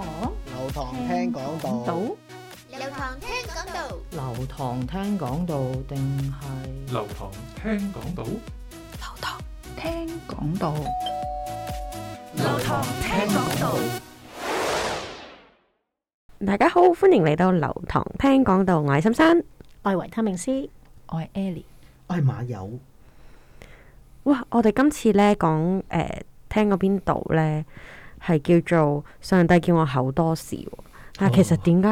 流堂聽講道，流堂聽講道，流堂聽講道定係流堂聽講道，流堂聽講道，流堂聽講道。大家好，歡迎嚟到流堂聽講道，我係森森，我係維他命 C，我係 Ellie，我係馬友。哇！我哋今次咧講誒，聽過邊度咧？係叫做上帝叫我厚多士喎，但係其實點解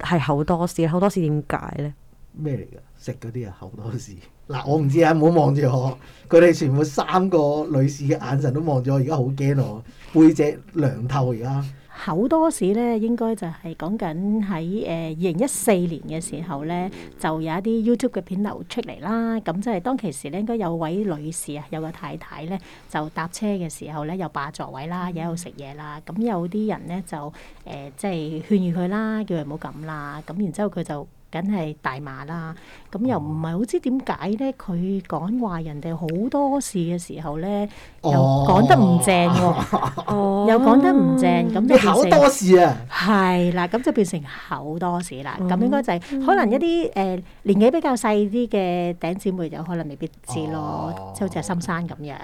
係厚多士？厚多士點解呢？咩嚟㗎？食嗰啲啊，厚多士嗱，我唔知啊，唔好望住我，佢哋全部三個女士嘅眼神都望住我，而家好驚我背脊涼透而家。好多時咧，應該就係講緊喺誒二零一四年嘅時候咧，就有一啲 YouTube 嘅片流出嚟啦。咁即係當其時咧，應該有位女士啊，有個太太咧，就搭車嘅時候咧，又霸座位啦，又喺度食嘢啦。咁有啲人咧就誒，即係勸喻佢啦，叫佢唔好咁啦。咁然之後佢就。梗係大麻啦，咁又唔係好知點解咧？佢講話人哋好多事嘅時候咧，又講得唔正，啊哦、正，又講得唔正，咁就成口多事啊！係啦，咁就變成口多事啦。咁、嗯、應該就係可能一啲誒、嗯呃、年紀比較細啲嘅頂姊妹，有可能未必知咯，即係好似阿深生咁樣，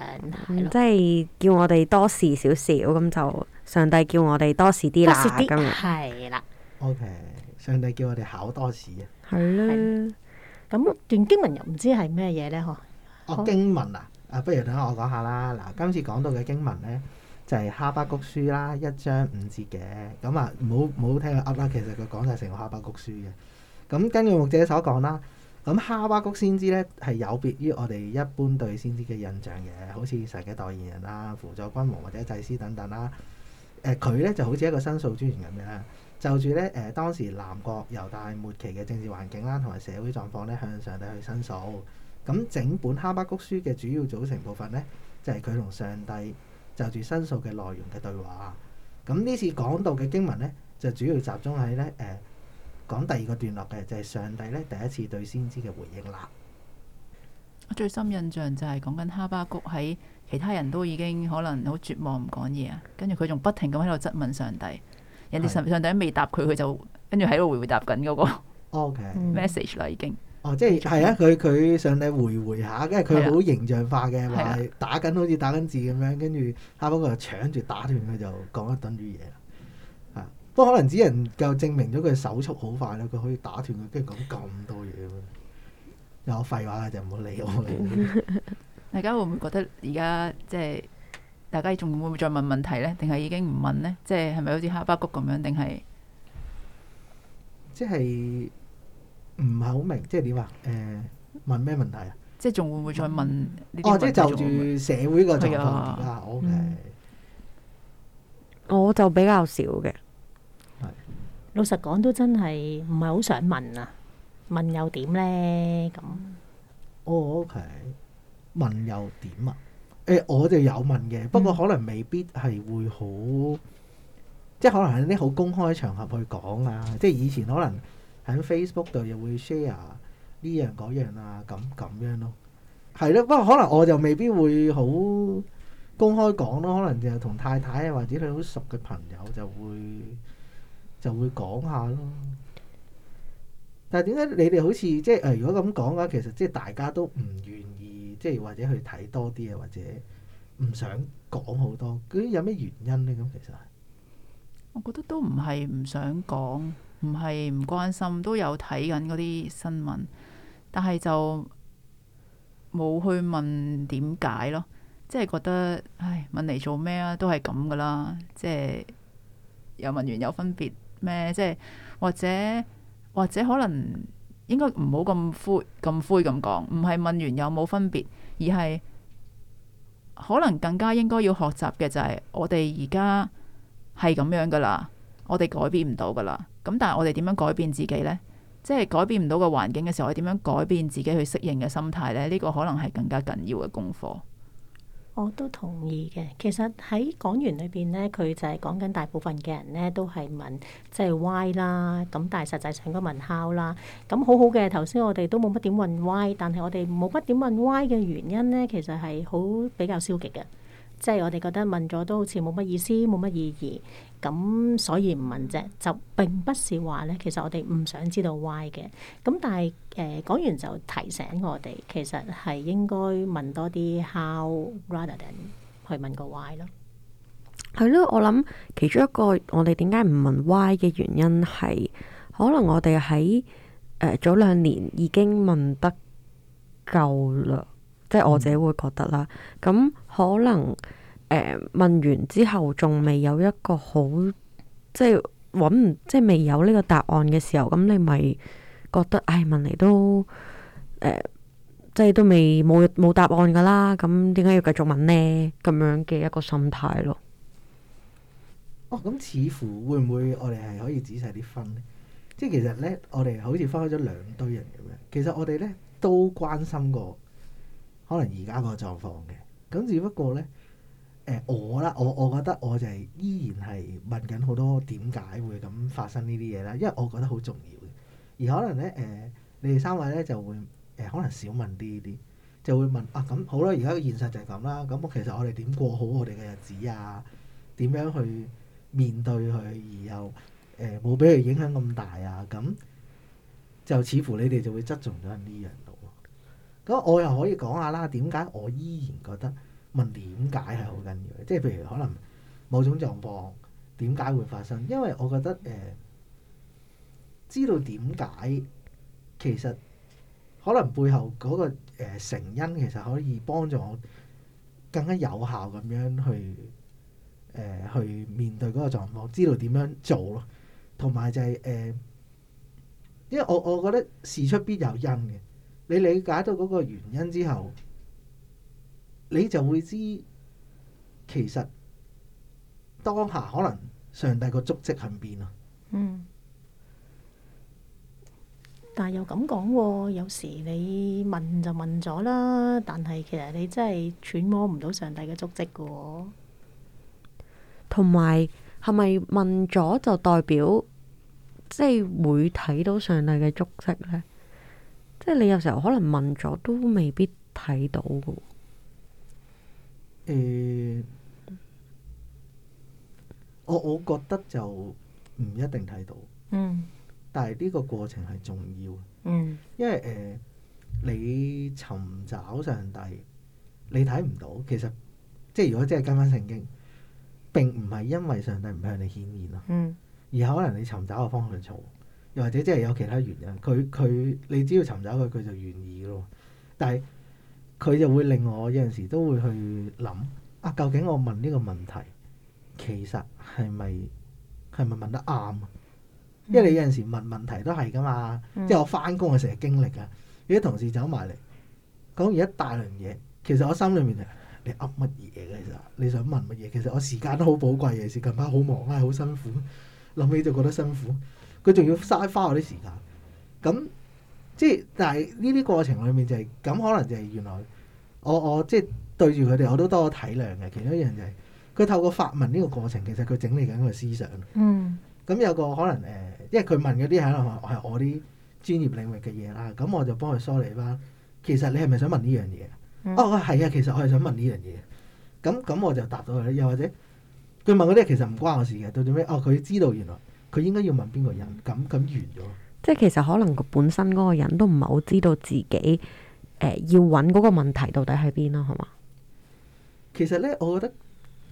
嗯、即係叫我哋多事少少，咁就上帝叫我哋多事啲啦。咁樣係啦。嗯、的 OK。上帝叫我哋考多次啊！係咧、啊，咁、啊、段經文又唔知係咩嘢呢？嗬！哦，經文啊，啊，不如等下我講下啦。嗱，今次講到嘅經文呢，就係、是、哈巴谷書啦，一章五節嘅。咁啊，唔好唔好聽佢噏啦。其實佢講晒成個哈巴谷書嘅。咁根據牧者所講啦，咁哈巴谷先知呢，係有別於我哋一般對先知嘅印象嘅，好似世界代言人啦、輔助君王或者祭司等等啦。佢、啊、呢，就好似一個申訴專員咁樣。就住咧，誒、呃、當時南國猶大末期嘅政治環境啦，同、啊、埋社會狀況咧，向上帝去申訴。咁整本哈巴谷書嘅主要組成部分呢，就係佢同上帝就住申訴嘅內容嘅對話。咁呢次講道嘅經文呢，就主要集中喺呢。誒、呃、講第二個段落嘅，就係、是、上帝呢第一次對先知嘅回應啦。我最深印象就係、是、講緊哈巴谷喺其他人都已經可能好絕望唔講嘢啊，跟住佢仲不停咁喺度質問上帝。人哋上上帝未答佢，佢就跟住喺度回回答緊嗰個 Okay. message 啦，已經。哦，即係係啊！佢佢、嗯、上帝回回下，跟住佢好形象化嘅，話的打緊好似打緊字咁樣，跟住下不過就搶住打斷佢就講一等語嘢。啊！不過可能只能夠證明咗佢手速好快啦，佢可以打斷佢跟住講咁多嘢。有廢話就唔好理我。 大家會唔會覺得而家即係？就是大家仲會唔會再問問題咧？定係已經唔問咧？即係係咪好似哈巴谷咁樣？定係即係唔係好明？即係點啊？誒，問咩問題啊？即係仲會唔會再問？哦，即係就住社會個狀況而家，我誒，我就比較少嘅。係。老實講，都真係唔係好想問啊！問又點咧？咁。哦，OK。問又點啊？誒、欸、我哋有問嘅，嗯、不過可能未必係會好，即係可能喺啲好公開場合去講啊，的即係以前可能喺 Facebook 度又會 share 呢樣嗰樣啊，咁咁樣，樣咯，係咯。不過可能我就未必會好公開講咯，可能就同太太啊或者你好熟嘅朋友就會就會講下咯。但係點解你哋好似即係誒、呃？如果咁講嘅話，其實即係大家都唔願意。即係或者去睇多啲啊，或者唔想講好多，究竟有咩原因呢？咁其實我覺得都唔係唔想講，唔係唔關心，都有睇緊嗰啲新聞，但係就冇去問點解咯。即係覺得，唉，問嚟做咩啊？都係咁噶啦。即係有問完有分別咩？即係或者或者可能。應該唔好咁灰咁灰咁講，唔係問完有冇分別，而係可能更加應該要學習嘅就係我哋而家係咁樣噶啦，我哋改變唔到噶啦。咁但係我哋點樣改變自己呢？即係改變唔到個環境嘅時候，我點樣改變自己去適應嘅心態呢？呢個可能係更加緊要嘅功課。我都同意嘅。其實喺講完裏邊咧，佢就係講緊大部分嘅人咧都係問即係 why 啦。咁但係實際上應該問 how 啦，咁好好嘅。頭先我哋都冇乜點問 why，但係我哋冇乜點問 why 嘅原因咧，其實係好比較消極嘅。即係我哋覺得問咗都好似冇乜意思，冇乜意義，咁所以唔問啫。就並不是話呢，其實我哋唔想知道 why 嘅。咁但係誒講完就提醒我哋，其實係應該問多啲 how，rather than 去問個 why 咯。係咯，我諗其中一個我哋點解唔問 why 嘅原因係，可能我哋喺誒早兩年已經問得夠啦。即係我自己會覺得啦，咁、嗯嗯、可能誒、呃、問完之後仲未有一個好即係揾唔即係未有呢個答案嘅時候，咁你咪覺得唉問嚟都誒、呃、即係都未冇冇答案噶啦，咁點解要繼續問呢？咁樣嘅一個心態咯。哦，咁似乎會唔會我哋係可以仔細啲分呢？即係其實呢，我哋好似分開咗兩堆人咁樣。其實我哋呢都關心過。可能而家個狀況嘅，咁只不過呢，誒、呃、我啦，我我覺得我就係依然係問緊好多點解會咁發生呢啲嘢啦，因為我覺得好重要嘅。而可能呢，誒、呃、你哋三位呢就會誒、呃、可能少問啲呢啲，就會問啊咁、啊嗯、好啦，而家現實就係咁啦。咁、嗯、其實我哋點過好我哋嘅日子啊？點樣去面對佢，而又誒冇俾佢影響咁大啊？咁、嗯、就似乎你哋就會側重咗係呢樣。咁我又可以講下啦，點解我依然覺得問點解係好緊要？即係譬如可能某種狀況點解會發生？因為我覺得誒，知道點解其實可能背後嗰個誒成因其實可以幫助我更加有效咁樣去誒去面對嗰個狀況，知道點樣做咯。同埋就係誒，因為我我覺得事出必有因嘅。你理解到嗰個原因之後，你就會知其實當下可能上帝個足跡喺邊啊。嗯。但係又咁講喎，有時你問就問咗啦，但係其實你真係揣摩唔、啊就是、到上帝嘅足跡㗎喎。同埋係咪問咗就代表即係會睇到上帝嘅足跡咧？即係你有時候可能問咗都未必睇到嘅。誒、欸，我我覺得就唔一定睇到。嗯。但係呢個過程係重要。嗯。因為誒、呃，你尋找上帝，你睇唔到，其實即係如果真係跟翻聖經，並唔係因為上帝唔向你顯現啊。嗯。而可能你尋找嘅方向錯。或者即係有其他原因，佢佢，你只要尋找佢，佢就願意咯。但係佢就會令我有陣時都會去諗啊，究竟我問呢個問題，其實係咪係咪問得啱？因為你有陣時問問題都係噶嘛，嗯、即係我翻工，啊，成日經歷啊，你啲同事走埋嚟，講完一大輪嘢，其實我心裏面啊，你噏乜嘢嘅？其實你想問乜嘢？其實我時間都好寶貴，嘅。尤其是近排好忙啊，好辛苦，諗起就覺得辛苦。佢仲要嘥花我啲時間，咁即係，但係呢啲過程裏面就係、是、咁，可能就係原來我我即係、就是、對住佢哋我都多咗體諒嘅。其中一樣就係、是、佢透過發問呢個過程，其實佢整理緊佢思想。嗯，咁有個可能誒，因為佢問嗰啲可能係我啲專業領域嘅嘢啦，咁我就幫佢梳理翻。其實你係咪想問呢樣嘢？嗯、哦，係啊，其實我係想問呢樣嘢。咁咁我就答咗佢，又或者佢問嗰啲其實唔關我事嘅。到最尾，哦，佢知道原來。佢應該要問邊個人咁，咁完咗？即係其實可能佢本身嗰個人都唔係好知道自己誒、呃、要揾嗰個問題到底喺邊咯，係嘛？其實咧，我覺得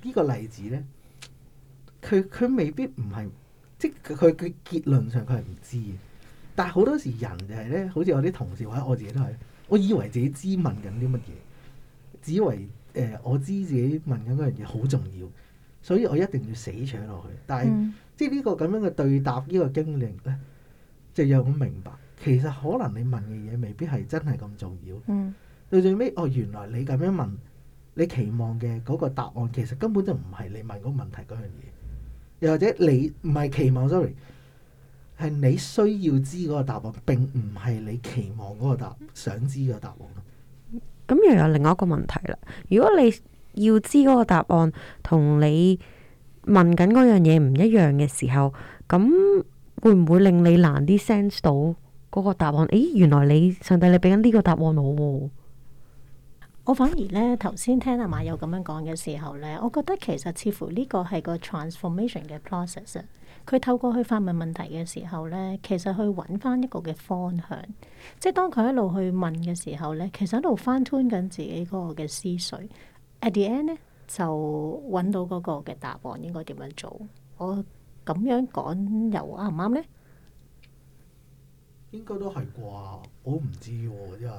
呢個例子咧，佢佢未必唔係即係佢佢結論上佢係唔知嘅。但係好多時人就係咧，好似我啲同事或者我自己都係，我以為自己知問緊啲乜嘢，只以為誒、呃、我知自己問緊嗰樣嘢好重要，嗯、所以我一定要死搶落去。但係即係呢個咁樣嘅對答呢、這個經歷呢就讓我明白，其實可能你問嘅嘢未必係真係咁重要。嗯，到最尾哦，原來你咁樣問，你期望嘅嗰個答案，其實根本就唔係你問嗰個問題嗰樣嘢。又或者你唔係期望，sorry，係你需要知嗰個答案，並唔係你期望嗰個答、嗯、想知嘅答案咯。咁又有另外一個問題啦。如果你要知嗰個答案，同你問緊嗰樣嘢唔一樣嘅時候，咁會唔會令你難啲 sense 到嗰個答案？咦、哎，原來你上帝，你俾緊呢個答案我喎。我反而呢頭先聽阿馬有咁樣講嘅時候呢，我覺得其實似乎呢個係個 transformation 嘅 process。佢透過去發問問題嘅時候呢，其實去揾翻一個嘅方向。即係當佢一路去問嘅時候呢，其實一路翻 turn 緊自己嗰個嘅思緒。At the end 咧。就揾到嗰個嘅答案應該點樣做？我咁樣講又啱唔啱咧？應該都係啩，我唔知喎，因為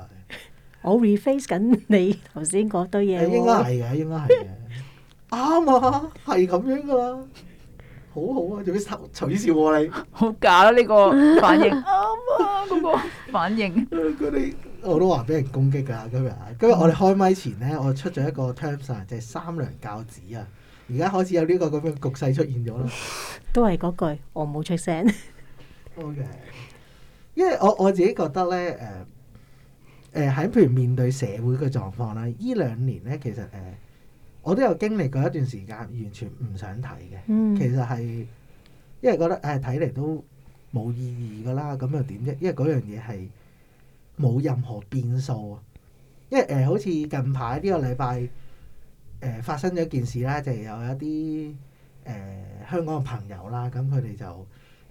我 reface 緊你頭先嗰堆嘢。應該係嘅，應該係嘅。啱啊，係、啊、咁樣噶啦，好好啊，仲要取笑我、啊、你。好假啦！呢個反應啱啊，嗰個反應。佢哋我都話俾人攻擊啊！今日，今日我哋開咪前咧，我出咗一個 terms 啊，就係三娘教子啊！而家開始有呢個咁樣局勢出現咗啦，都係嗰句，我冇出聲。Okay，因為我我自己覺得咧，誒誒喺譬如面對社會嘅狀況啦，依兩年咧其實誒、呃，我都有經歷過一段時間，完全唔想睇嘅。嗯、其實係因為覺得誒睇嚟都冇意義噶啦，咁又點啫？因為嗰樣嘢係。冇任何變數啊，因為誒、呃、好似近排呢個禮拜誒發生咗一件事啦、啊，就係、有一啲誒、呃、香港嘅朋友啦，咁佢哋就誒、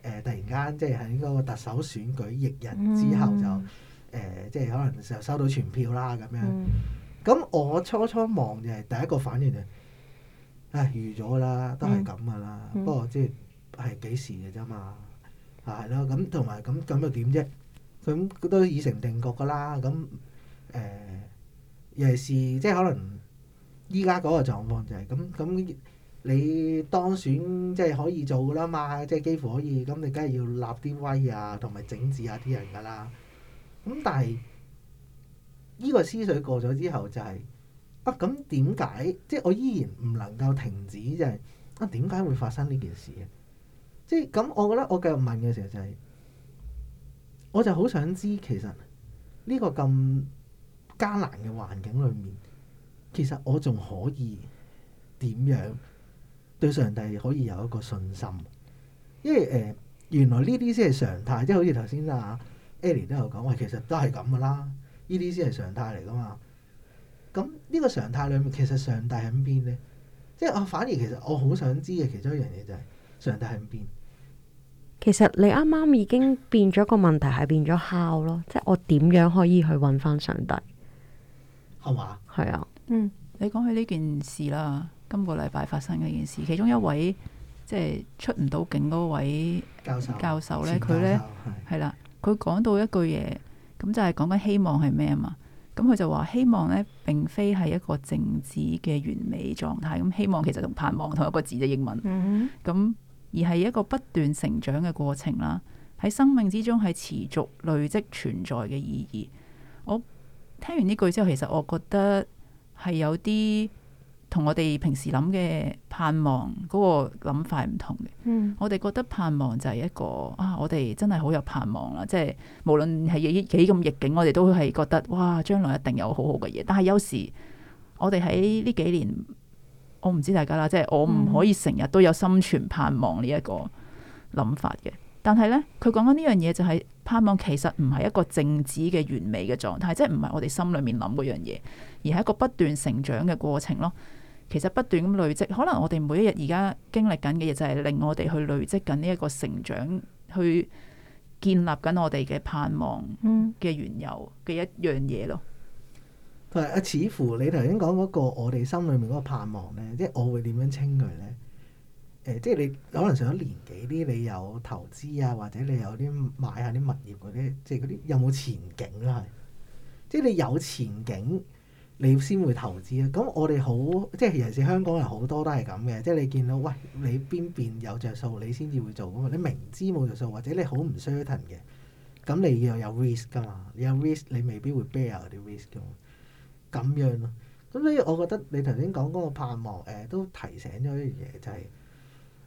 呃、突然間即係喺嗰個特首選舉翌日之後就誒、嗯呃、即係可能就收到全票啦咁樣。咁、嗯、我初初望就係第一個反應就係、唉，預咗啦，都係咁噶啦。嗯嗯、不過即係係幾時嘅啫嘛？係咯。咁同埋咁咁又點啫？佢咁，佢都已成定局噶啦。咁、呃、尤其是即係可能依家嗰個狀況就係，咁咁，你當選，即係可以做噶啦嘛，即係幾乎可以。咁你梗係要立啲威啊，同埋整治下、啊、啲人噶啦。咁但係，呢個思緒過咗之後，就係，啊咁點解？即係我依然唔能夠停止，就係啊點解會發生呢件事啊？即係咁，我覺得我繼續問嘅時候就係。我就好想知，其實呢個咁艱難嘅環境裏面，其實我仲可以點樣對上帝可以有一個信心？因為誒、呃，原來呢啲先係常態，即係好似頭先阿 Ellie 都有講話，其實都係咁噶啦，呢啲先係常態嚟噶嘛。咁呢個常態裏面，其實上帝喺邊咧？即係我反而其實我好想知嘅其中一樣嘢就係、是、上帝喺邊？其實你啱啱已經變咗個問題，係變咗考咯，即係我點樣可以去揾翻上帝，係嘛？係啊，嗯。你講起呢件事啦，今個禮拜發生嘅件事，其中一位即係、就是、出唔到境嗰位教授，教授咧，佢咧係啦，佢講到一句嘢，咁就係講緊希望係咩啊嘛？咁佢就話希望咧，並非係一個靜止嘅完美狀態，咁希望其實同盼望同一個字嘅英文，咁、嗯。嗯嗯而係一個不斷成長嘅過程啦，喺生命之中係持續累積存在嘅意義。我聽完呢句之後，其實我覺得係有啲同我哋平時諗嘅盼望嗰個諗法唔同嘅。嗯，我哋覺得盼望就係一個啊，我哋真係好有盼望啦！即係無論係幾咁逆境，我哋都係覺得哇，將來一定有好好嘅嘢。但係有時我哋喺呢幾年。我唔知大家啦，即係我唔可以成日都有心存盼望呢一個諗法嘅。但係呢，佢講緊呢樣嘢就係盼望，其實唔係一個靜止嘅完美嘅狀態，即係唔係我哋心裏面諗嗰樣嘢，而係一個不斷成長嘅過程咯。其實不斷咁累積，可能我哋每一日而家經歷緊嘅嘢，就係令我哋去累積緊呢一個成長，去建立緊我哋嘅盼望嘅緣由嘅一樣嘢咯。唔係啊，似乎你頭先講嗰個我哋心裏面嗰個盼望呢，即係我會點樣稱佢呢？呃、即係你可能上咗年紀啲，你有投資啊，或者你有啲買下啲物業嗰啲，即係嗰啲有冇前景啦、啊？係即係你有前景，你先會投資啊。咁我哋好即係尤其是香港人好多都係咁嘅，即係你見到喂你邊邊有着數，你先至會做噶嘛。你明知冇着數，或者你好唔 certain 嘅，咁你又有 risk 㗎嘛？你有 risk，你未必會 bear 嗰啲 risk 㗎嘛。咁樣咯、啊，咁所以我覺得你頭先講嗰個盼望，誒、哎、都提醒咗一樣嘢，就係、是、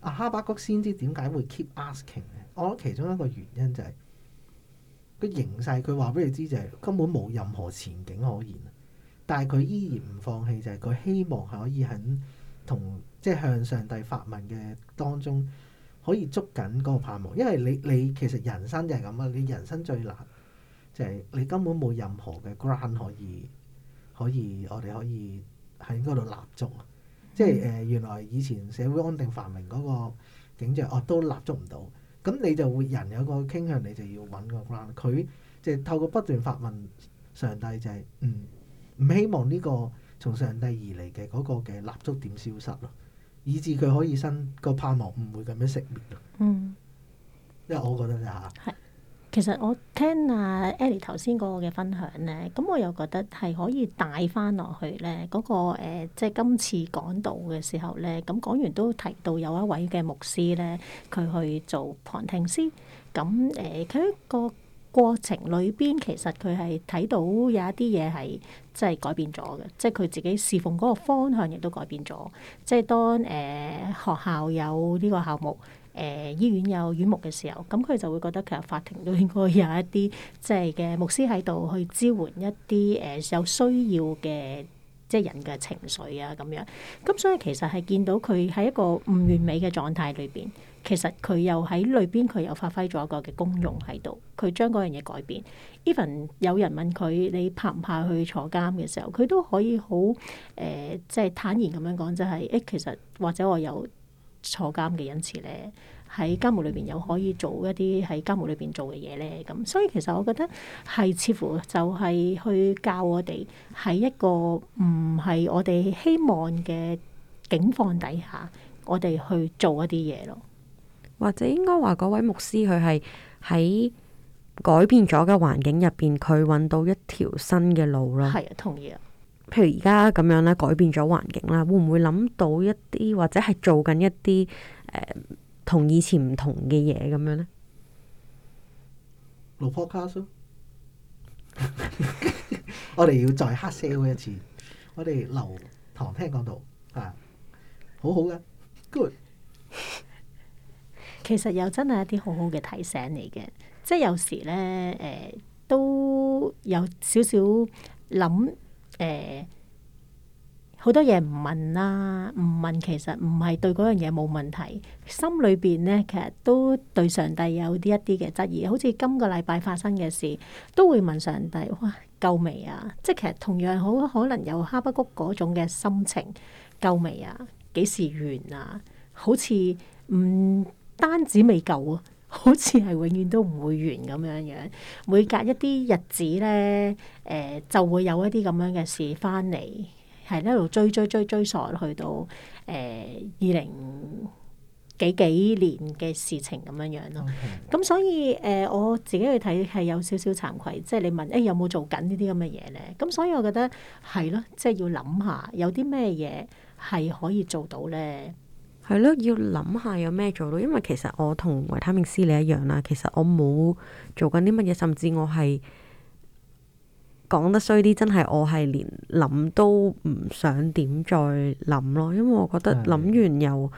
阿哈巴谷先知點解會 keep asking？我覺得其中一個原因就係、是、佢形勢，佢話俾你知就係根本冇任何前景可言，但係佢依然唔放棄，就係佢希望可以喺同即係、就是、向上帝發問嘅當中，可以捉緊嗰個盼望。因為你你其實人生就係咁啊，你人生最難就係、是、你根本冇任何嘅 ground 可以。可以，我哋可以喺嗰度立足，即係誒、呃、原來以前社會安定繁榮嗰、嗰個景象，哦、啊、都立足唔到，咁你就會人有一個傾向，你就要揾個 ground。佢即係、透過不斷發問，上帝就係唔唔希望呢個從上帝而嚟嘅嗰個嘅立足點消失咯，以致佢可以生、個盼望唔會咁樣熄滅咯。嗯、因為我覺得就啊、係。其實我聽阿 Ellie 頭先嗰個嘅分享咧，咁我又覺得係可以帶翻落去咧，嗰、嗰個即係、呃就是、今次講道嘅時候咧，咁講完都提到有一位嘅牧師咧，佢去做旁聽師，咁誒佢個過程裏邊其實佢係睇到有一啲嘢係即係改變咗嘅，即係佢自己侍奉嗰個方向亦都改變咗，即、就、係、是、當誒、呃、學校有呢個校目。誒醫院有院牧嘅時候，咁佢就會覺得其實法庭都應該有一啲即係嘅牧師喺度去支援一啲誒有需要嘅即係人嘅情緒啊咁樣。咁所以其實係見到佢喺一個唔完美嘅狀態裏邊，其實佢又喺裏邊佢又發揮咗一個嘅功用喺度。佢將嗰樣嘢改變。Even 有人問佢你怕唔怕去坐監嘅時候，佢都可以好誒即係坦然咁樣講，就係、是、誒、欸、其實或者我有。坐監嘅，因此咧，喺監務裏邊又可以做一啲喺監務裏邊做嘅嘢咧，咁所以其實我覺得係似乎就係去教我哋喺一個唔係我哋希望嘅境況底下，我哋去做一啲嘢咯，或者應該話嗰位牧師佢係喺改變咗嘅環境入邊，佢揾到一條新嘅路啦。係啊，同意啊。譬如而家咁樣啦，改變咗環境啦，會唔會諗到一啲或者係做緊一啲誒同以前唔同嘅嘢咁樣咧？老卡 我哋要再黑 s e 一次，我哋留堂聽講到啊，好好嘅 good。其實又真係一啲好好嘅提醒嚟嘅，即係有時咧誒、呃、都有少少諗。誒，好多嘢唔問啦，啊，唔問其實唔係對嗰樣嘢冇問題，心裏邊咧其實都對上帝有啲一啲嘅質疑，好似今個禮拜發生嘅事，都會問上帝：哇，夠未啊？即係其實同樣好可能有哈巴谷嗰種嘅心情，夠未啊？幾時完啊？好似唔單止未夠啊！好似係永遠都唔會完咁樣樣，每隔一啲日子咧，誒、呃、就會有一啲咁樣嘅事翻嚟，係一路追，追追追追索去到誒、呃、二零幾幾年嘅事情咁樣樣咯。咁 Okay. 所以誒、呃、我自己去睇係有少少慚愧，即、就、係、是、你問誒、欸、有冇做緊呢啲咁嘅嘢咧？咁所以我覺得係咯，即係、就是、要諗下有啲咩嘢係可以做到咧。係咯，要諗下有咩做到，因為其實我同維他命 C 你一樣啦。其實我冇做緊啲乜嘢，甚至我係講得衰啲，真係我係連諗都唔想點再諗咯。因為我覺得諗完又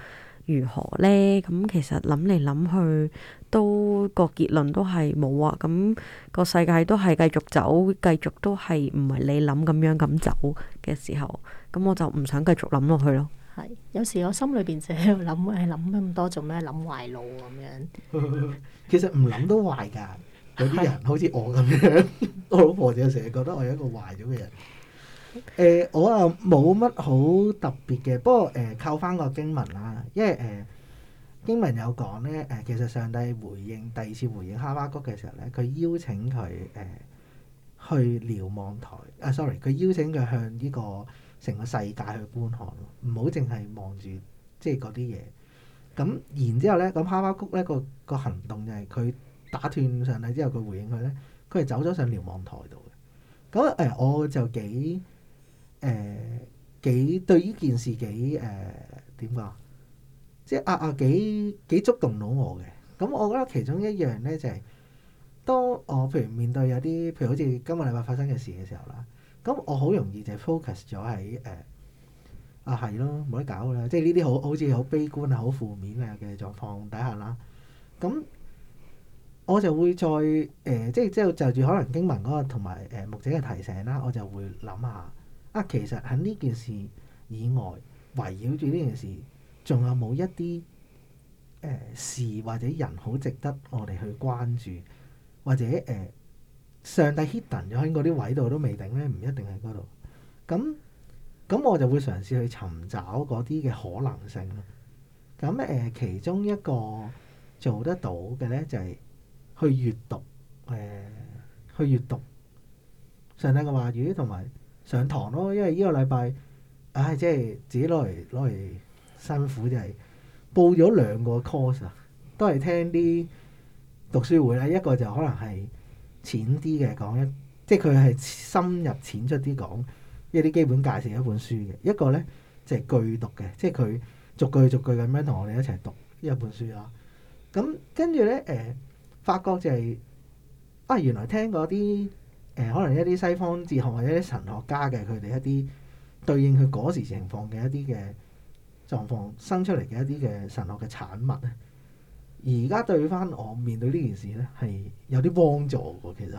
如何呢？咁、嗯、其實諗嚟諗去，論都個結論都係冇啊。咁個世界都係繼續走，繼續都係唔係你諗咁樣咁走嘅時候，咁我就唔想繼續諗落去咯。係，有時我心裏邊就喺度諗，唉諗咁多做咩？諗壞腦咁樣。 其實唔諗都壞噶，有啲人好似我咁樣，的 我老婆就成日覺得我係一個壞咗嘅人。誒、 欸，我啊冇乜好特別嘅，不過誒、呃，靠翻個經文啦，因為誒、呃、經文有講咧，誒，其實上帝回應第二次回應哈巴谷嘅時候咧，佢邀請佢誒、呃、去瞭望台。啊，sorry，佢邀請佢向呢、這個。成個世界去觀看，唔好淨係望住即係嗰啲嘢。咁然之後咧，咁哈哈谷咧個個行動就係、是、佢打斷上帝之後，佢回應佢咧，佢係走咗上瞭望台度嘅。咁誒、哎，我就幾誒幾對呢件事幾誒點講？即係啊啊幾幾觸動到我嘅。咁我覺得其中一樣咧就係、是，當我譬如面對有啲譬如好似今個禮拜發生嘅事嘅時候啦。咁我好容易就 focus 咗喺誒、呃、啊係咯，冇得搞啦！即係呢啲好好似好悲觀啊、好負面啊嘅狀況底下啦。咁我就會再誒、呃，即係即係就住可能經文嗰個同埋誒牧者嘅提醒啦，我就會諗下啊，其實喺呢件事以外，圍繞住呢件事，仲有冇一啲誒、呃、事或者人好值得我哋去關注，或者誒？呃上帝 hidden 咗喺嗰啲位度都未定呢，唔一定喺嗰度。咁咁我就會嘗試去尋找嗰啲嘅可能性咯。咁誒、呃，其中一個做得到嘅呢，就係、是、去閱讀，誒、呃、去閱讀上帝嘅話語同埋上堂咯。因為呢個禮拜，唉、哎，即、就、係、是、自己攞嚟攞嚟辛苦就係、是、報咗兩個 course 啊，都係聽啲讀書會啦。一個就可能係。淺啲嘅講一，即係佢係深入淺出啲講一啲基本介紹一本書嘅。一個呢，就係、是、句讀嘅，即係佢逐句逐句咁樣同我哋一齊讀呢一本書啦。咁、啊、跟住呢，誒、呃，發覺就係、是、啊，原來聽嗰啲誒，可能一啲西方哲學或者啲神學家嘅佢哋一啲對應佢嗰時情況嘅一啲嘅狀況生出嚟嘅一啲嘅神學嘅產物咧，而家對翻我面對呢件事呢，係有啲幫助嘅。其實，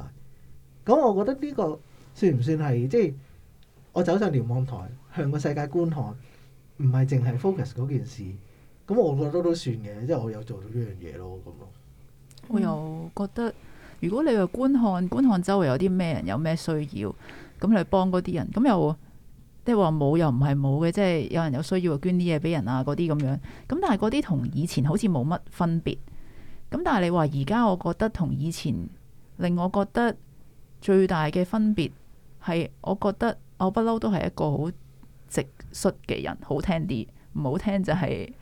咁我覺得呢個算唔算係即係我走上瞭望台，向個世界觀看，唔係淨係 focus 嗰件事。咁我覺得都算嘅，即係我有做到呢樣嘢咯。咁、嗯、咯，我又覺得如果你話觀看觀看周圍有啲咩人有咩需要，咁你幫嗰啲人，咁又。即係話冇又唔係冇嘅，即係有人有需要啊，捐啲嘢俾人啊，嗰啲咁樣。咁但係嗰啲同以前好似冇乜分別。咁但係你話而家，我覺得同以前令我覺得最大嘅分別係，我覺得我不嬲都係一個好直率嘅人，好聽啲，唔好聽就係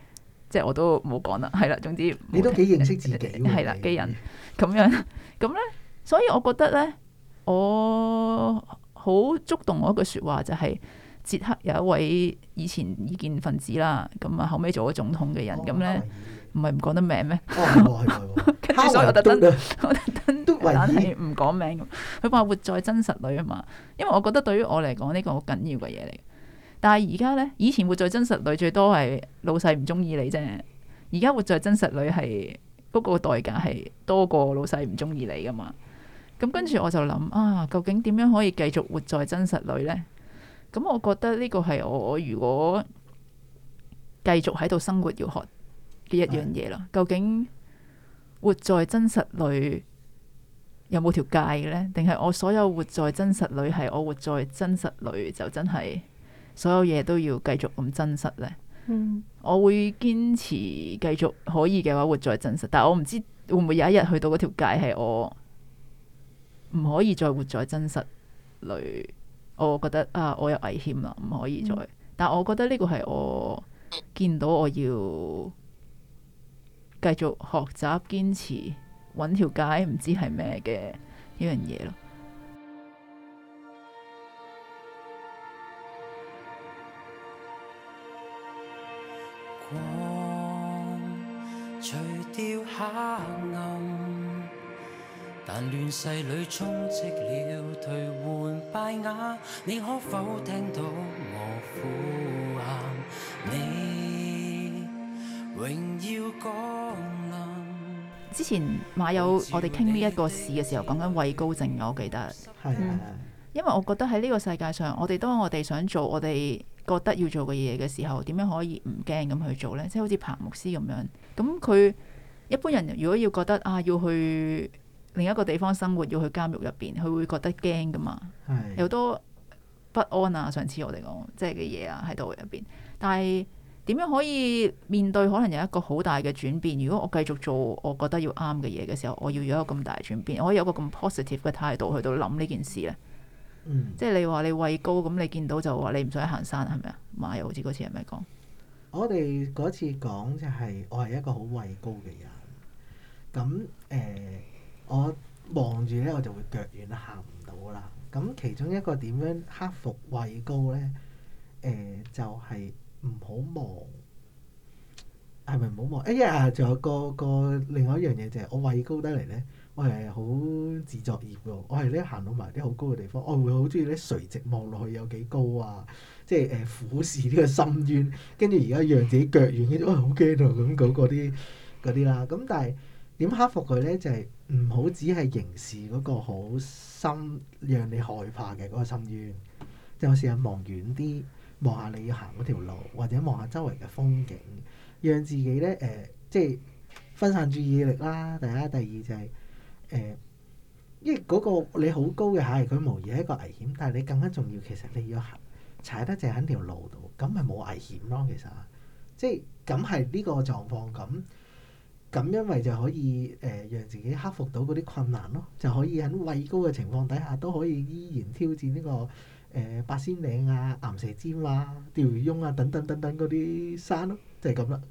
即係我都冇講啦，係啦，總之你都幾認識自己係啦嘅人，咁樣咁咧，所以我覺得咧，我好觸動我一句說話就係。捷克有一位以前異見分子啦，咁啊後尾做咗總統嘅人，咁咧唔係唔講得名咩？哈唔係？跟住、 哦、 所有特登，特登都懶係唔講名。咁佢話活在真實裡啊嘛，因為我覺得對於我嚟講呢個好緊要嘅嘢嚟。但係而家咧，以前活在真實裡最多係老細唔中意你啫。而家活在真實裡係嗰個代價係多過老細唔中意你噶嘛。咁跟住我就諗啊，究竟點樣可以繼續活在真實裡咧？咁我覺得呢個係我如果繼續喺度生活要學嘅一樣嘢啦。嗯，究竟活在真實裡有冇條界呢？定係我所有活在真實裡係我活在真實裡就真係所有嘢都要繼續咁真實呢？嗯，我會堅持繼續可以嘅話活在真實，但係我唔知會唔會有一日去到嗰條界係我唔可以再活在真實裡。我覺得啊，我有危險啦，唔可以再。嗯、但我覺得呢個係我見到我要繼續學習、堅持揾條街，唔知係咩嘅一樣嘢咯。 亂世裡充斥了退換拜瓦，你可否聽到我呼喊？你榮耀降臨 之前馬友我哋傾呢一個市嘅時候，講緊畏高症，我記得係因為我覺得喺呢個世界上，我哋當我哋想做我哋覺得要做嘅嘢嘅時候，點樣可以唔驚咁去做呢？即係好似彭牧師咁樣，咁佢一般人如果要覺得啊要去。另一個地方生活，要去監獄入邊，佢會覺得驚噶嘛？是有好多不安啊！上次我哋講即係嘅嘢啊，喺度入邊。但係點樣可以面對可能有一個好大嘅轉變？如果我繼續做，我覺得要啱嘅嘢嘅時候，我要有一個咁大轉變，我可以有一個咁 positive 嘅態度去到諗呢件事呢？嗯、即係你話你畏高咁，你見到就話你唔想行山係咪啊？嘛，又好似嗰次係咪講？就是、我哋嗰次講就係我係一個好畏高嘅人。咁誒。欸我望住咧，我就會腳軟，行唔到啦。咁其中一個點樣克服畏高咧？誒、呃，就係、是、唔好望，係咪唔好望？哎呀，仲有個個另外一樣嘢就係，我畏高得嚟咧，我係好自作孽喎。我係咧，行到埋啲好高嘅地方，我會好中意咧垂直望落去有幾高啊！即係誒俯視呢個深淵，跟住而家讓自己腳軟，哇、哎！好驚啊！咁嗰啲嗰啲啦，咁、那個那個那個那個、但係。點克服佢咧？就係唔好只係凝視嗰個好深，讓你害怕嘅嗰個深淵。有時望遠啲，望下你要行嗰條路，或者望下周圍嘅風景，讓自己咧誒、呃，即係分散注意力啦。第一，第二就係、是、誒、呃，因為嗰個你好高嘅嚇，佢無疑係一個危險。但係你更加重要，其實你要行踩得正喺條路度，咁咪冇危險咯。其實即係咁係呢個狀況咁。咁因為就可以誒讓自己克服到嗰啲困難咯，就可以喺畏高嘅情況底下都可以依然挑戰呢個誒八仙嶺啊、岩蛇尖啊、釣魚翁啊等等等等嗰啲山咯，就咯、嗯，就係咁啦。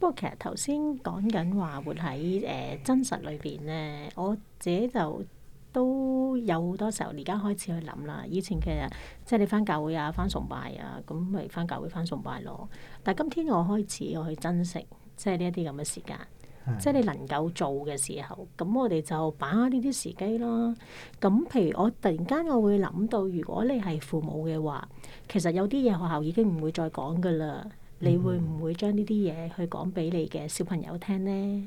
不過其實頭先講緊話活喺誒、呃、真實裏邊咧，我自己就都有好多時候而家開始去諗啦。以前其實即係你翻教會啊、翻崇拜啊，咁咪翻教會翻崇拜咯。但係今天我開始我去珍惜。即係呢一啲咁嘅時間，的即係你能夠做嘅時候，咁我哋就把握呢啲時機囉。咁譬如我突然間，我會諗到，如果你係父母嘅話，其實有啲嘢學校已經唔會再講㗎喇，你會唔會將呢啲嘢去講俾你嘅小朋友聽咧？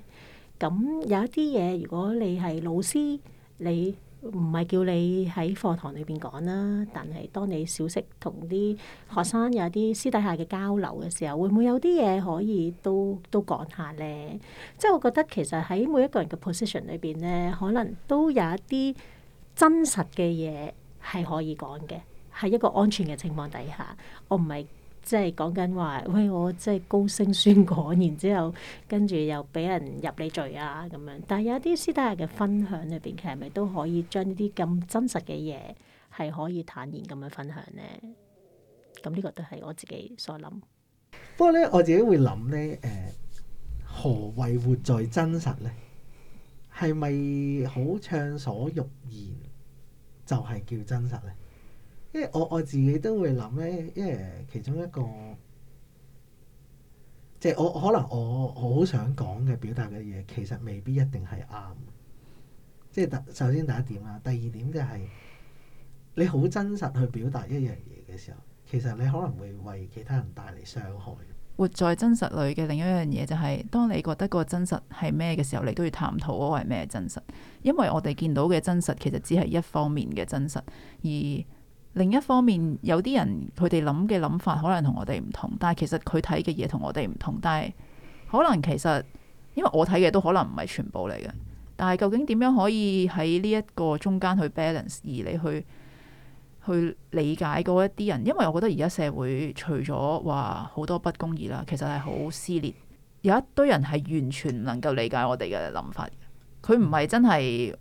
咁有一啲嘢，如果你係老師，你。唔係叫你喺課堂裏邊講啦，但係當你小息同啲學生有啲私底下嘅交流嘅時候，會唔會有啲嘢可以都都講下咧？即係我覺得其實喺每一個人嘅 position 裏邊咧，可能都有一啲真實嘅嘢係可以講嘅，係一個安全嘅情況底下，我唔係。即係講緊話，喂，我即係高聲宣講，然之後跟住又俾人入你罪啊咁樣。但係有啲私底下嘅分享入邊，其實係咪都可以將呢啲咁真實嘅嘢係可以坦然咁樣分享呢？咁呢個都係我自己所諗。不過咧，我自己會諗呢、呃，何謂活在真實呢？係咪好暢所欲言就係、是、叫真實呢？即係我我自己都會諗咧，因、yeah, 為其中一個即係我可能我好想講嘅表達嘅嘢，其實未必一定係啱。即係首先第一點啦，第二點就係、是、你好真實去表達一樣嘢嘅時候，其實你可能會為其他人帶嚟傷害。活在真實裏嘅另一樣嘢就係、是，當你覺得個真實係咩嘅時候，你都要探討嗰個係咩真實，因為我哋見到嘅真實其實只係一方面嘅真實，而。另一方面，有啲人佢哋諗嘅諗法可能同我哋唔同，但係其實佢睇嘅嘢同我哋唔同，但係可能其實因為我睇嘅都可能唔係全部嚟嘅，但係究竟點樣可以喺呢一個中間去 balance 而你去去理解嗰一啲人？因為我覺得而家社會除咗話好多不公義啦，其實係好撕裂，有一堆人係完全唔能夠理解我哋嘅諗法，佢唔係真係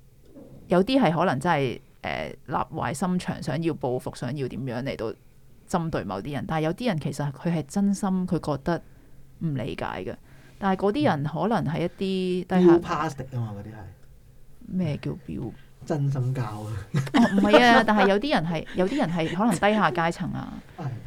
有啲係可能真係。誒，立壞心腸，想要報復，想要點樣嚟到針對某啲人？但係有啲人其實佢係真心，佢覺得唔理解嘅。但係嗰啲人可能係一啲低下，彪 pass 啊嘛，啲係咩叫表真心教啊？唔係、 哦、啊，但係有啲人係， 有啲人係可能低下階層啊，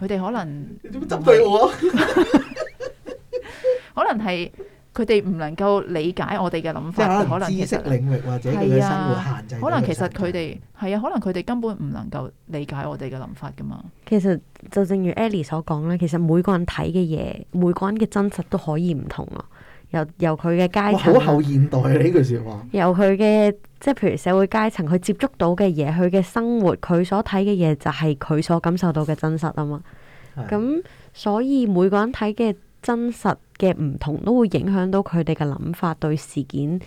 佢哋 可能針對我？ 可能係。佢哋唔能夠理解我哋嘅諗法，可能知識領域或者生活限制。可能其實佢哋係啊，可能佢哋根本唔能夠理解我哋嘅諗法噶嘛。其實就正如 Ellie 所講咧，其實每個人睇嘅嘢，每個人嘅真實都可以唔同啊。由由佢嘅階層，好後現代呢句説話。由佢嘅即係譬如社會階層，佢接觸到嘅嘢，佢嘅生活，佢所睇嘅嘢，就係、是、佢所感受到嘅真實啊嘛。咁的所以每個人睇嘅。真實嘅唔同都會影響到佢哋嘅諗法，對事件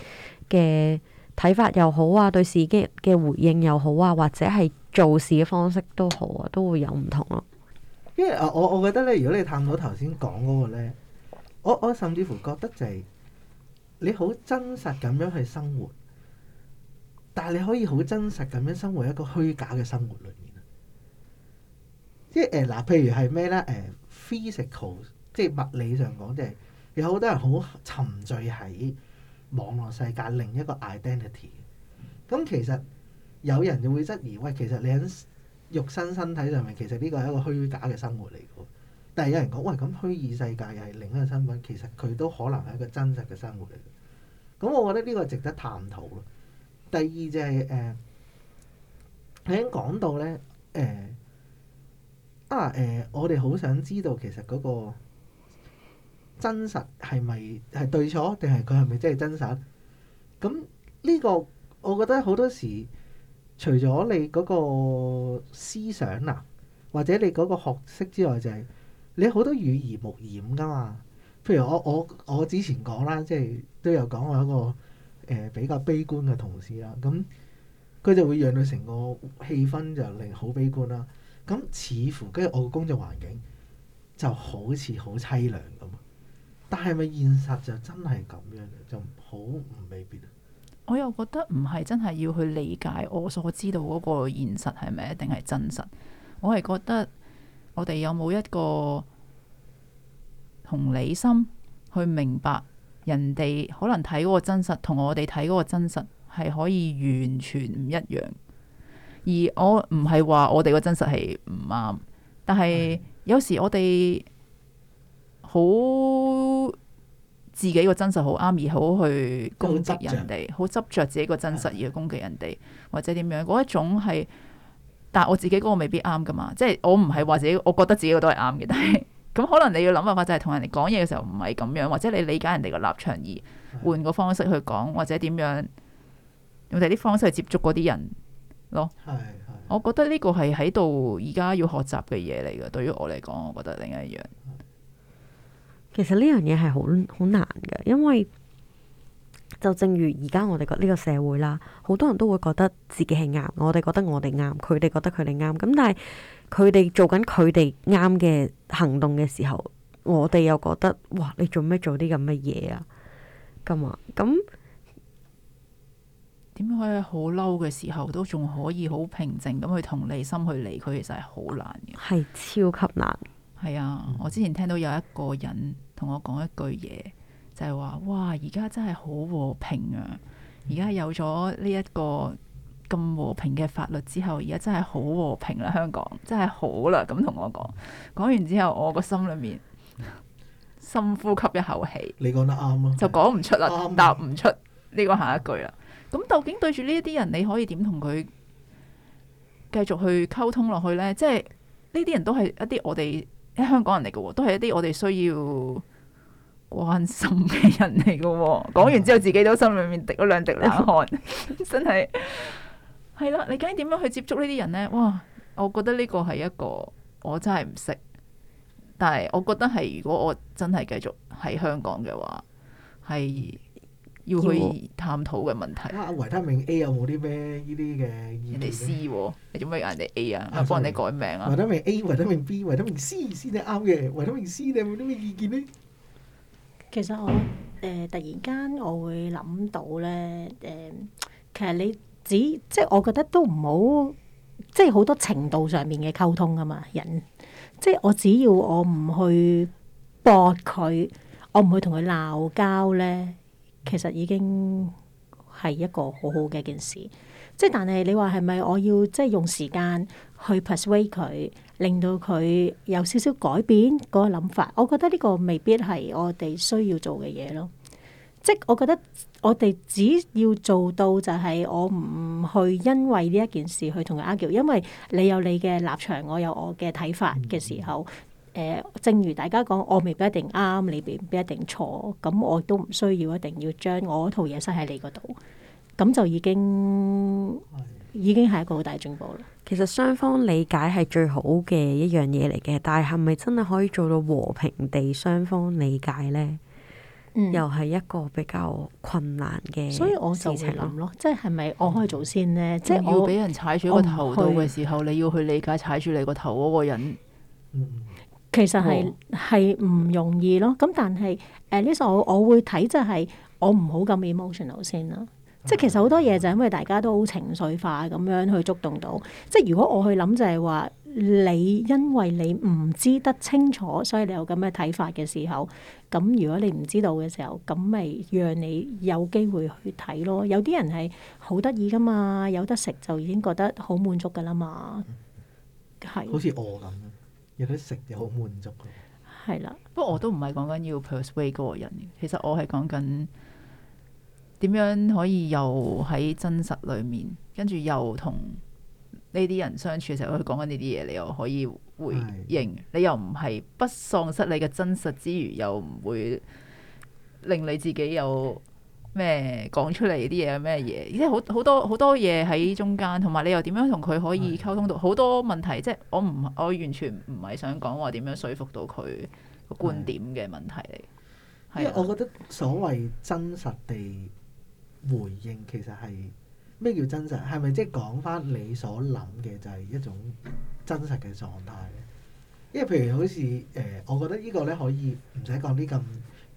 嘅睇法又好啊，對事件嘅回應又好啊，或者係做事嘅方式都好啊，都會有唔同咯。因為我我覺得咧，如果你探討頭先講嗰個咧，我我甚至乎覺得就係、是、你好真實咁樣去生活，但係你可以好真實咁樣生活喺一個虛假嘅生活裏面。即係誒嗱，譬、呃、如係咩咧？誒、呃、physical。即係物理上講，即係有好多人好沉醉喺網絡世界另一個 identity。咁其實有人就會質疑，喂，其實你喺肉身身體上面，其實呢個係一個虛假嘅生活嚟嘅喎。但係有人講，喂，咁虛擬世界又係另一個身份，其實佢都可能係一個真實嘅生活嚟嘅。咁我覺得呢個值得探討咯。第二就係、是、誒、呃，你已經講到咧誒、呃、啊誒、呃，我哋好想知道其實嗰、那個。真實係咪係對錯，定係佢係咪真係真實？咁呢、這個我覺得好多時，除咗你嗰個思想啦，或者你嗰個學識之外、就是，就係你好多語而無言㗎嘛。譬如我我我之前講啦，即、就、係、是、都有講我一個誒、呃、比較悲觀嘅同事啦。咁佢就會讓到成個氣氛就令好悲觀啦。咁似乎跟住、就是、我嘅工作環境就好似好凄涼咁。但係咪現實就真係咁樣咧？就好唔未必變。我又覺得唔係真係要去理解我所知道嗰個現實係咪一定係真實？我係覺得我哋有冇一個同理心去明白人哋可能睇嗰個真實同我哋睇嗰個真實係可以完全唔一樣。而我唔係話我哋個真實係唔啱，但係有時我哋好自己個真實好啱而好去攻擊人哋，好執着，着自己個真實而去攻擊人哋，的或者點樣嗰一種係，但係我自己嗰個未必啱噶嘛，即係我唔係或者我覺得自己個都係啱嘅，但係咁可能你要諗辦法，就係同人哋講嘢嘅時候唔係咁樣，或者你理解人哋個立場而換個方式去講，的或者點樣用第啲方式去接觸嗰啲人咯。的我我。我覺得呢個係喺度而家要學習嘅嘢嚟嘅，對於我嚟講，我覺得另一樣。其實呢樣嘢，係好好難嘅，因為就正如而家我哋個呢個社會啦，好多人都會覺得自己係啱，我哋覺得我哋啱，佢哋覺得佢哋啱。咁但係佢哋做緊佢哋啱嘅行動嘅時候，我哋又覺得哇，你做咩做啲咁嘅嘢啊？咁啊，咁點可以好嬲嘅時候都仲可以好平靜咁去同理心去理佢？其實係好難嘅，係超級難。係啊，嗯、我之前聽到有一個人同我講一句嘢，就係、是、話，哇，而家真係好和平啊！而家、嗯、有咗呢一個咁和平嘅法律之後，而家真係好和平啦，啊，香港真係好啦，啊。咁同我講，講完之後，我個心裏面、嗯、深呼吸一口氣。你講得啱咯，啊，就講唔出啦，的答唔出呢個下一句啦。咁究竟對住呢一啲人，你可以點同佢繼續去溝通落去呢？即係呢啲人都係一啲我哋，香港人嚟噶，都係一啲我哋需要關心嘅人嚟噶。講 完之後，自己都心裏面滴咗兩滴冷汗， 真係係咯。你究竟點樣去接觸呢啲人呢？哇，我覺得呢個係一個我真係唔識。但係我覺得係，如果我真係繼續喺香港嘅話，係。要去探討嘅問題啊！維他命 A 有冇啲咩呢啲嘅意思？人哋 C，你做咩人哋 A 啊？啊，幫人哋改名啊！維他命 A，維他命 B，維他命 C 先至啱嘅。維他命 C，你有冇啲咩意見呢？其實我誒、呃，突然間我會諗到咧。誒、呃，其實你只即係我覺得都唔好，即係好多程度上面嘅溝通啊嘛。人即係我只要我唔去駁佢，我唔去同佢鬧交咧，其實已經係一個好好嘅一件事，即係但係你話係咪我要即係、就是、用時間去 persuade 佢，令到佢有少少改變嗰個諗法？我覺得呢個未必係我哋需要做嘅嘢咯。即係我覺得我哋只要做到就係我唔去因為呢一件事去同佢 argue，因為你有你嘅立場，我有我嘅睇法嘅時候。誒，正如大家講，我未必一定啱，你未必一定錯，咁我都唔需要一定要將我套嘢塞喺你嗰度，咁就已經已經係一個好大進步啦。其實雙方理解係最好嘅一樣嘢嚟嘅，但係係咪真係可以做到和平地雙方理解呢？嗯，又係一個比較困難嘅。所以我就會諗咯，即係係咪我可以做先呢？即係要俾人踩住個頭度嘅時候，你要去理解踩住你個頭嗰個人。嗯。其實係係唔容易咯，咁但係誒呢？首 我，我會睇就係、是、我唔好咁 emotional 先啦。 即係其實好多嘢就係因為大家都好情緒化咁樣去觸動到。即係如果我去諗就係話你因為你唔知得清楚，所以你有咁嘅睇法嘅時候，咁如果你唔知道嘅時候，咁咪讓你有機會去睇咯。有啲人係好得意㗎嘛，有得食就已經覺得好滿足㗎啦嘛，係好似我咁。有得食嘢好滿足咯，係啦的。不過我都唔係講緊要 persuade 個人，其實我係講緊點樣可以又喺真實裡面，跟住又同呢啲人相處嘅時候，佢講緊呢啲嘢，你又可以回應，的你又唔係不喪失你嘅真實之餘，又唔會令你自己有。咩講出嚟啲嘢，咩嘢、啊，而且好好多好多嘢喺中間，同埋你又點樣同佢可以溝通到？好的多問題，即係我唔我完全唔係想講話點樣說服到佢個觀點嘅問題嚟。的的因為我覺得所謂真實地回應，其實係咩叫真實？係咪即係講翻你所諗嘅就係一種真實嘅狀態咧？因為譬如好似誒、呃，我覺得呢個咧可以唔使講啲咁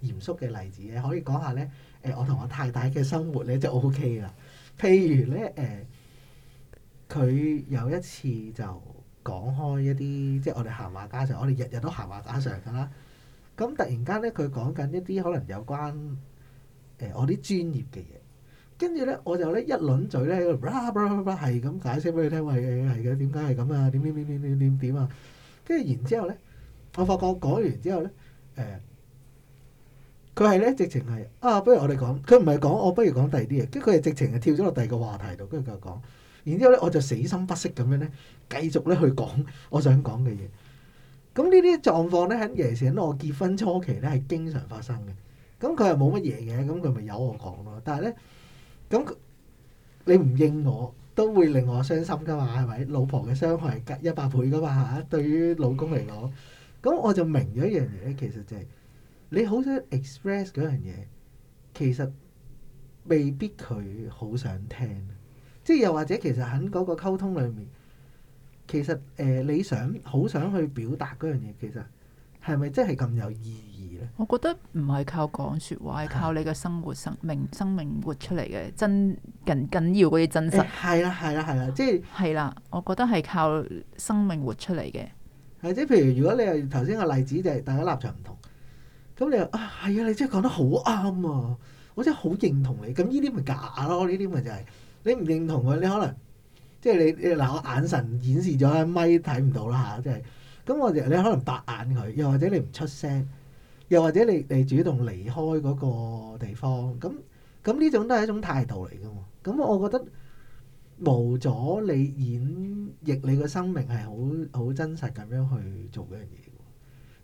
嚴肅嘅例子咧，可以講下咧。我同我太太嘅生活咧就 O.K. 啦，譬如咧誒，佢、呃、有一次就講開一啲即係我哋閒話家常，我哋日日都閒話家常㗎啦。咁突然間咧，佢講緊一啲可能有關誒、呃、我啲專業嘅嘢，跟住咧我就咧一輪嘴咧，布拉布拉布拉係咁解釋俾佢聽，喂、呃，係嘅，嘅，點解係咁啊？點點點點點點點啊？跟住然之後咧，我發覺我講完之後咧，誒、呃。佢係咧，呢直情係啊！不如我哋講，佢唔係講，我不如講第二啲嘢，跟住佢係直情係跳咗落第二個話題度，跟住佢又講。然之後咧，我就死心不息咁樣咧，繼續咧去講我想講嘅嘢。咁呢啲狀況咧喺尤其係，喺我結婚初期咧係經常發生嘅。咁佢係冇乜嘢嘅，咁佢咪由我講咯。但係咧，咁你唔應我，都會令我傷心噶嘛，係咪？老婆嘅傷害係隔一百倍噶嘛吓？對於老公嚟講，咁我就明咗一樣嘢，其實就係、是。你好想 express 嗰樣嘢，其實未必佢好想聽。即係又或者，其實喺嗰個溝通裏面，其實誒、呃、你想好想去表達嗰樣嘢，其實係咪真係咁有意義呢？我覺得唔係靠講說話，係靠你嘅生活、生命係、生命活出嚟嘅真緊，緊緊要嗰啲真實。係啦、哎，係啦，係啦，即係係啦。我覺得係靠生命活出嚟嘅。係即譬如，如果你係頭先個例子，就係、係、大家立場唔同。咁、嗯、你話啊係啊，你真係講得好啱啊！我真係好認同你。咁呢啲咪假咯？呢啲咪就係、是、你唔認同佢，你可能即係、就是、你嗱，你我眼神演示咗，一咪睇唔到啦嚇。即係咁，我其實你可能白眼佢，又或者你唔出聲，又或者你你主動離開嗰個地方。咁咁呢種都係一種態度嚟噶嘛。咁、嗯、我覺得無咗你演繹，你個生命係好好真實咁樣去做嗰樣嘢。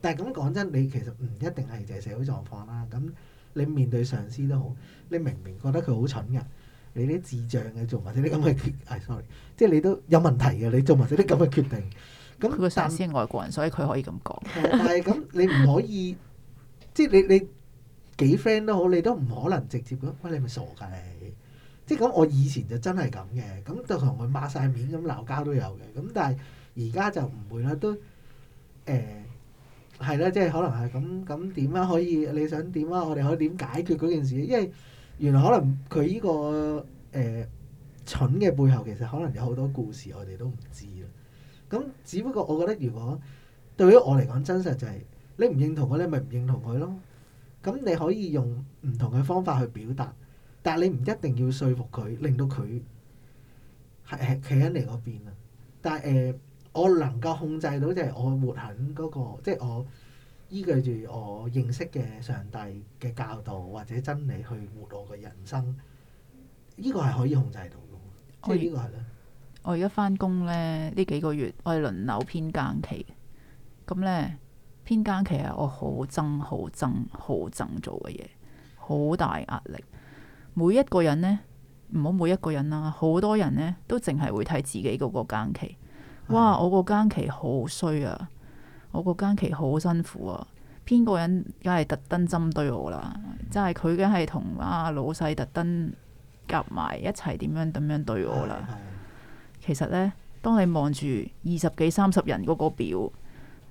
但係咁講真，你其實唔一定係就係社會狀況啦。咁你面對上司都好，你明明覺得佢好蠢㗎，你啲智障嘅做埋曬啲咁嘅決，係 sorry，即係你都有問題嘅，你做埋曬啲咁嘅決定。咁佢個上司係外國人，所以佢可以咁講。但係咁你唔可以，即係你你幾 friend 都好，你都唔可能直接咁，喂，你咪傻㗎你！即係咁，我以前就真係咁嘅，咁就同佢抹曬面咁鬧交都有嘅。咁但係而家就唔會啦，都誒。係啦，即係可能係咁咁點啊？樣樣可以你想點啊？我哋可以點解決嗰件事？因為原來可能佢呢、呢個誒、呃、蠢嘅背後，其實可能有好多故事我，我哋都唔知啦。咁只不過我覺得，如果對於我嚟講，真實就係、係、你唔認同佢，你咪唔認同佢咯。咁你可以用唔同嘅方法去表達，但係你唔一定要說服佢，令到佢係係企喺你嗰邊啊。但係誒。呃我能夠控制到，即係我活喺嗰個，即係我依據住我認識嘅上帝嘅教導或者真理去活我嘅人生。呢個係可以控制到嘅，我，呢個係啦。我而家翻工呢，呢幾個月我係輪流編更期。咁呢，編更期係我好憎、好憎、好憎做嘅嘢，好大壓力。每一個人呢，唔好每一個人啦，好多人呢，都淨係會睇自己嗰個更期。哇！我個間期好衰啊，我個間期好辛苦啊，邊個人梗係特登針對我啦。真係佢梗係同阿老細特登夾埋一齊點樣點樣對我啦。其實呢，當你望住二十幾三十人嗰個表，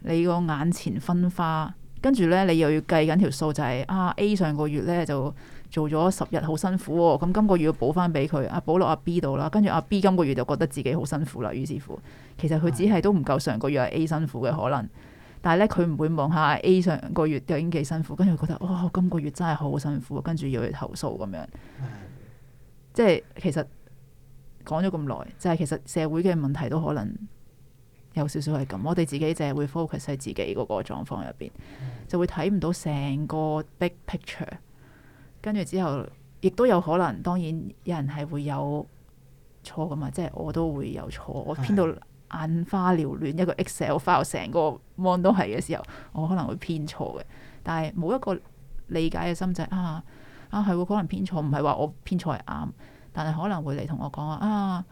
你個眼前分花，跟住呢，你又要計緊條數、就係，就係啊 A 上個月呢就。做咗十日好辛苦喎、哦，咁今個月要補翻俾佢，阿保落阿 B 度啦，跟住阿 B 今個月就覺得自己好辛苦啦。於是乎，其實佢只係都唔夠上個月阿 A 辛苦嘅可能，但係咧佢唔會望下 A 上個月究竟幾辛苦，跟住覺得哇、哦、今個月真係好辛苦，跟住要去投訴咁樣。即係其實講咗咁耐，即係其實社會嘅問題都可能有少少係咁，我哋自己就係會 focus 喺自己嗰個狀況入邊，就會睇唔到成個 big picture。跟住之後，亦都有可能，當然有人係會有錯㗎嘛，即係我都會有錯。啊、我編到眼花撩亂，的一個 Excel file 成個 mon 都係嘅時候，我可能會編錯嘅。但係冇一個理解嘅心就啊、是、啊，係、啊、會、啊、可能編錯，唔係話我編錯係啱，但係可能會嚟同我講啊啊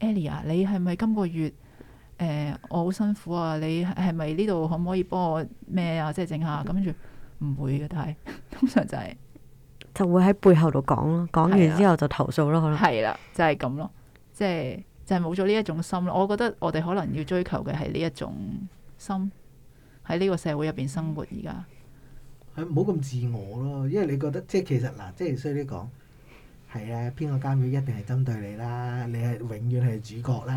，Ellie，你係咪今個月誒、呃、我好辛苦啊？你係咪呢度可唔可以幫我咩啊？即、就、係、是、整下跟住唔會嘅，但係通常就係、是。就會喺背後度講咯，講完之後就投訴咯，可能係啦，就係、是、咁咯，即係就係冇咗呢一種心咯。我覺得我哋可能要追求嘅係呢一種心，喺呢個社會入邊生活，而家係唔好咁自我咯，因為你覺得即係其實嗱，即係雖然講係啊，邊個奸匪一定係針對你啦，你係永遠係主角啦。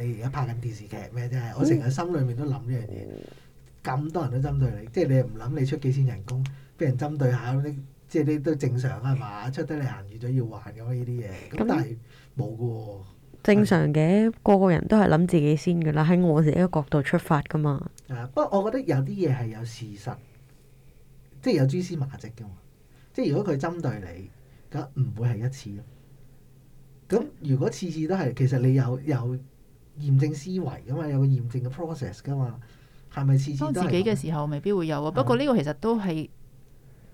你你而家拍緊電視劇咩？真係、哦、我成日心裏面都諗呢樣嘢，咁多人都針對你，即係你唔諗你出幾錢人工俾人針對下你。即係你都正常係嘛？出得你行預咗要還咁呢啲嘢咁，但係冇嘅喎。正常嘅，的個個人都係諗自己先嘅啦，喺我自己個角度出發噶嘛、啊。不過我覺得有啲嘢係有事實，即係有蛛絲馬跡嘅嘛。即係如果佢針對你，咁唔會係一次咯。咁如果次次都係，其實你有有驗證思維嘅嘛，有個驗證嘅 process 嘅嘛，係咪次次都自己嘅時候未必會有啊？吧不過呢個其實都係。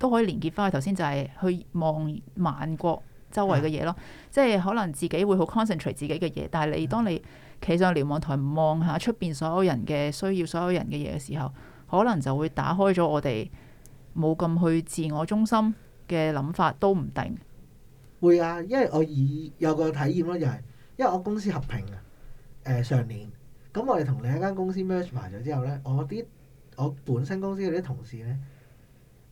都可以連結翻去，頭先就係去望萬國周圍嘅嘢咯，啊、即係可能自己會好 concentrate 自己嘅嘢。但係你、啊、當你企上瞭望台望，望下出邊所有人嘅需要、所有人嘅嘢嘅時候，可能就會打開咗我哋冇咁去自我中心嘅諗法，都唔定。會啊，因為我已有個體驗咯、就是，就係因為我公司合併啊、呃。上年，咁我哋同另一間公司 merge 埋咗之後呢，我啲我本身公司嗰啲同事呢。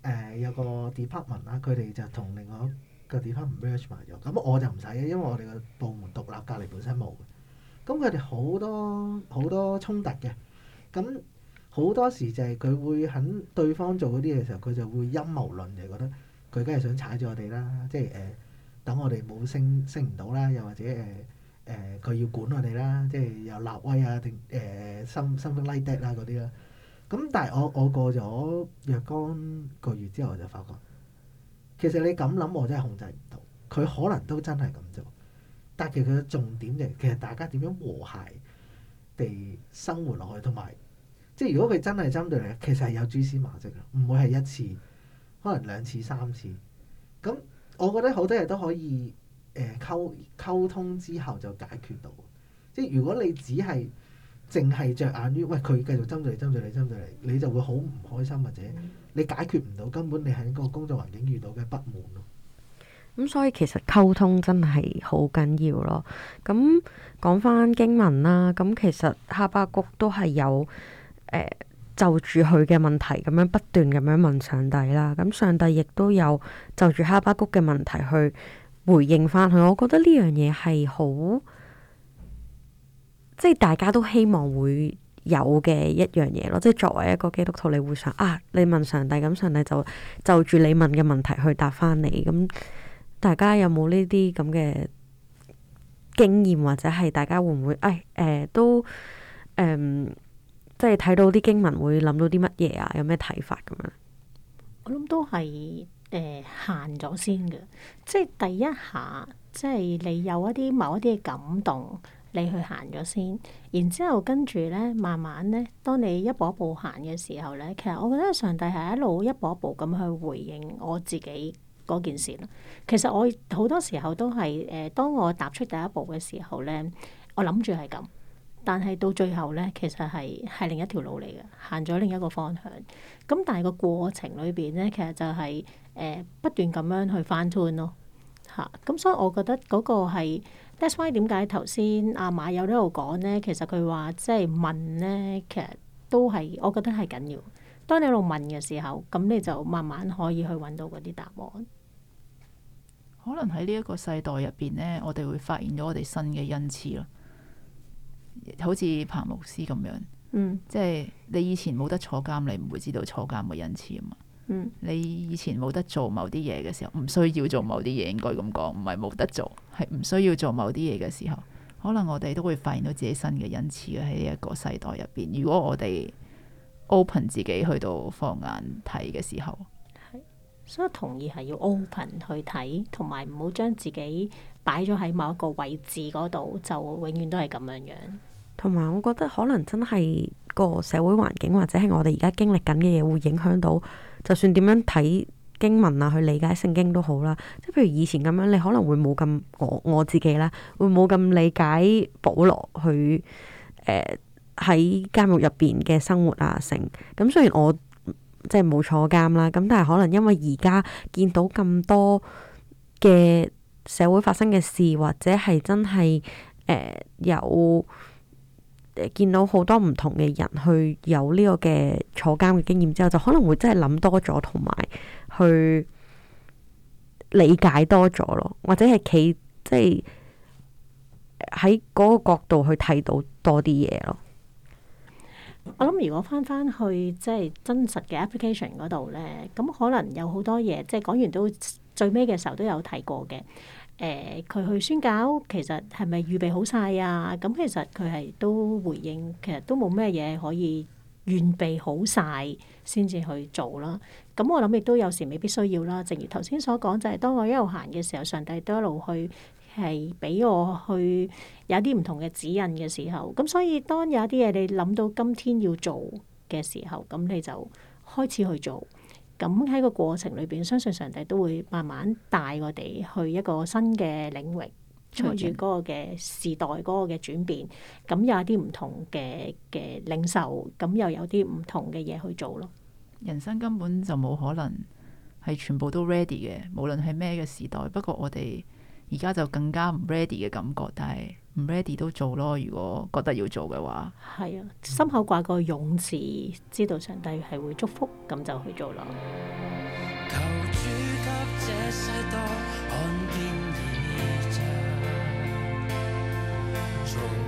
誒、呃、有個 department 啦、啊，佢哋就同另外一個 department merge 埋咗。咁、啊、我就唔使，因為我哋個部門獨立隔離本身冇嘅，咁佢哋好多好多衝突嘅。咁、啊、好多時就係佢會肯對方做嗰啲嘢時候，佢就會陰謀論，就覺得佢梗係想踩住我哋啦，即係誒、呃、等我哋冇升升唔到啦，又或者誒誒佢要管我哋啦，即係又立威啊定誒 something like that 啦嗰啲啦。呃咁、嗯、但係我我過咗若干個月之後，我就發覺其實你咁諗，我真係控制唔到。佢可能都真係咁做，但係佢嘅重點就係其實大家點樣和諧地生活落去，同埋即係如果佢真係針對你，其實係有蛛絲馬跡，唔會係一次，可能兩次、三次。咁我覺得好多嘢都可以誒溝、呃、溝通之後就解決到。即係如果你只係淨係着眼於喂佢繼續針對你、針對你、針對你，你就會好唔開心，或者你解決唔到根本你喺嗰個工作環境遇到嘅不滿咯。咁、嗯、所以其實溝通真係好緊要咯。咁、嗯、講翻經文啦，咁、嗯、其實哈巴谷都係有、呃、就住佢嘅問題咁樣不斷咁樣問上帝啦。咁、嗯、上帝亦都有就住哈巴谷嘅問題去回應翻佢。我覺得呢樣嘢係好。即係大家都希望會有嘅一樣嘢咯，即係作為一個基督徒，你會想啊，你問上帝，咁上帝就就住你問嘅問題去答翻你。咁、嗯、大家有冇呢啲咁嘅經驗？或者係大家會唔會誒誒、哎呃、都誒、嗯，即係睇到啲經文會諗到啲乜嘢啊？有咩睇法咁樣？我諗都係誒、呃、限咗先嘅，即係第一下，即係你有一啲某一啲嘅感動。你去行咗先，然之後跟住咧，慢慢咧，當你一步一步行嘅時候咧，其實我覺得上帝係一路一步一步咁去回應我自己嗰件事咯。其實我好多時候都係誒、呃，當我踏出第一步嘅時候咧，我諗住係咁，但係到最後咧，其實係係另一條路嚟嘅，行咗另一個方向。咁但係個過程裏邊咧，其實就係、是、誒、呃、不斷咁樣去翻轉咯，嚇、啊。咁所以我覺得嗰個係。That's why 點解頭先阿馬友喺度講呢？其實佢話即係問呢，其實都係我覺得係緊要。當你喺度問嘅時候，咁你就慢慢可以去揾到嗰啲答案。可能喺呢一個世代入邊呢，我哋會發現咗我哋新嘅恩賜咯，好似彭牧師咁樣。嗯，即係你以前冇得坐監，你唔會知道坐監嘅恩賜啊嘛。嗯、你以前冇得做某啲嘢嘅時候，唔需要做某啲嘢，應該咁講，唔係冇得做，係唔需要做某啲嘢嘅時候，可能我哋都會發現到自己新嘅恩賜喺一個世代入邊。如果我哋 open 自己去到放眼睇嘅時候，係，所以同意係要 open 去睇，同埋唔好將自己擺咗喺某一個位置嗰度，就永遠都係咁樣樣。同埋，我覺得可能真係個社會環境，或者係我哋而家經歷緊嘅嘢，會影響到，就算點樣睇經文啊，去理解聖經都好啦。即係譬如以前咁樣，你可能會冇咁我我自己啦，會冇咁理解保羅去誒喺、呃、監獄入邊嘅生活啊，成咁雖然我即係冇坐監啦，咁但係可能因為而家見到咁多嘅社會發生嘅事，或者係真係誒、呃、有。見到好多唔同嘅人去有呢個嘅坐監嘅經驗之後，就可能會真係諗多咗，同埋去理解多咗咯，或者係企即係喺嗰個角度去睇到多啲嘢咯。我諗如果翻翻去即係真實嘅 application 嗰度咧，咁可能有好多嘢，即係講完都最尾嘅時候都有睇過嘅。誒佢、呃、去宣教，其實係咪預備好晒啊？咁、嗯、其實佢係都回應，其實都冇咩嘢可以預備好晒先至去做啦。咁、嗯、我諗亦都有時未必需要啦。正如頭先所講，就係、是、當我一路行嘅時候，上帝都一路去係俾我去有一啲唔同嘅指引嘅時候。咁、嗯、所以當有一啲嘢你諗到今天要做嘅時候，咁、嗯、你就開始去做。咁喺個過程裏邊，相信上帝都會慢慢帶我哋去一個新嘅領域，隨住嗰個嘅時代嗰個嘅轉變，咁有啲唔同嘅嘅領受，咁又有啲唔同嘅嘢去做咯。人生根本就冇可能係全部都 ready 嘅，無論係咩嘅時代。不過我哋而家就更加唔 ready 嘅感覺，但係。唔 ready 都做咯，如果覺得要做嘅話，係啊，心口掛個勇字，知道上帝係會祝福，咁就去做咯。求主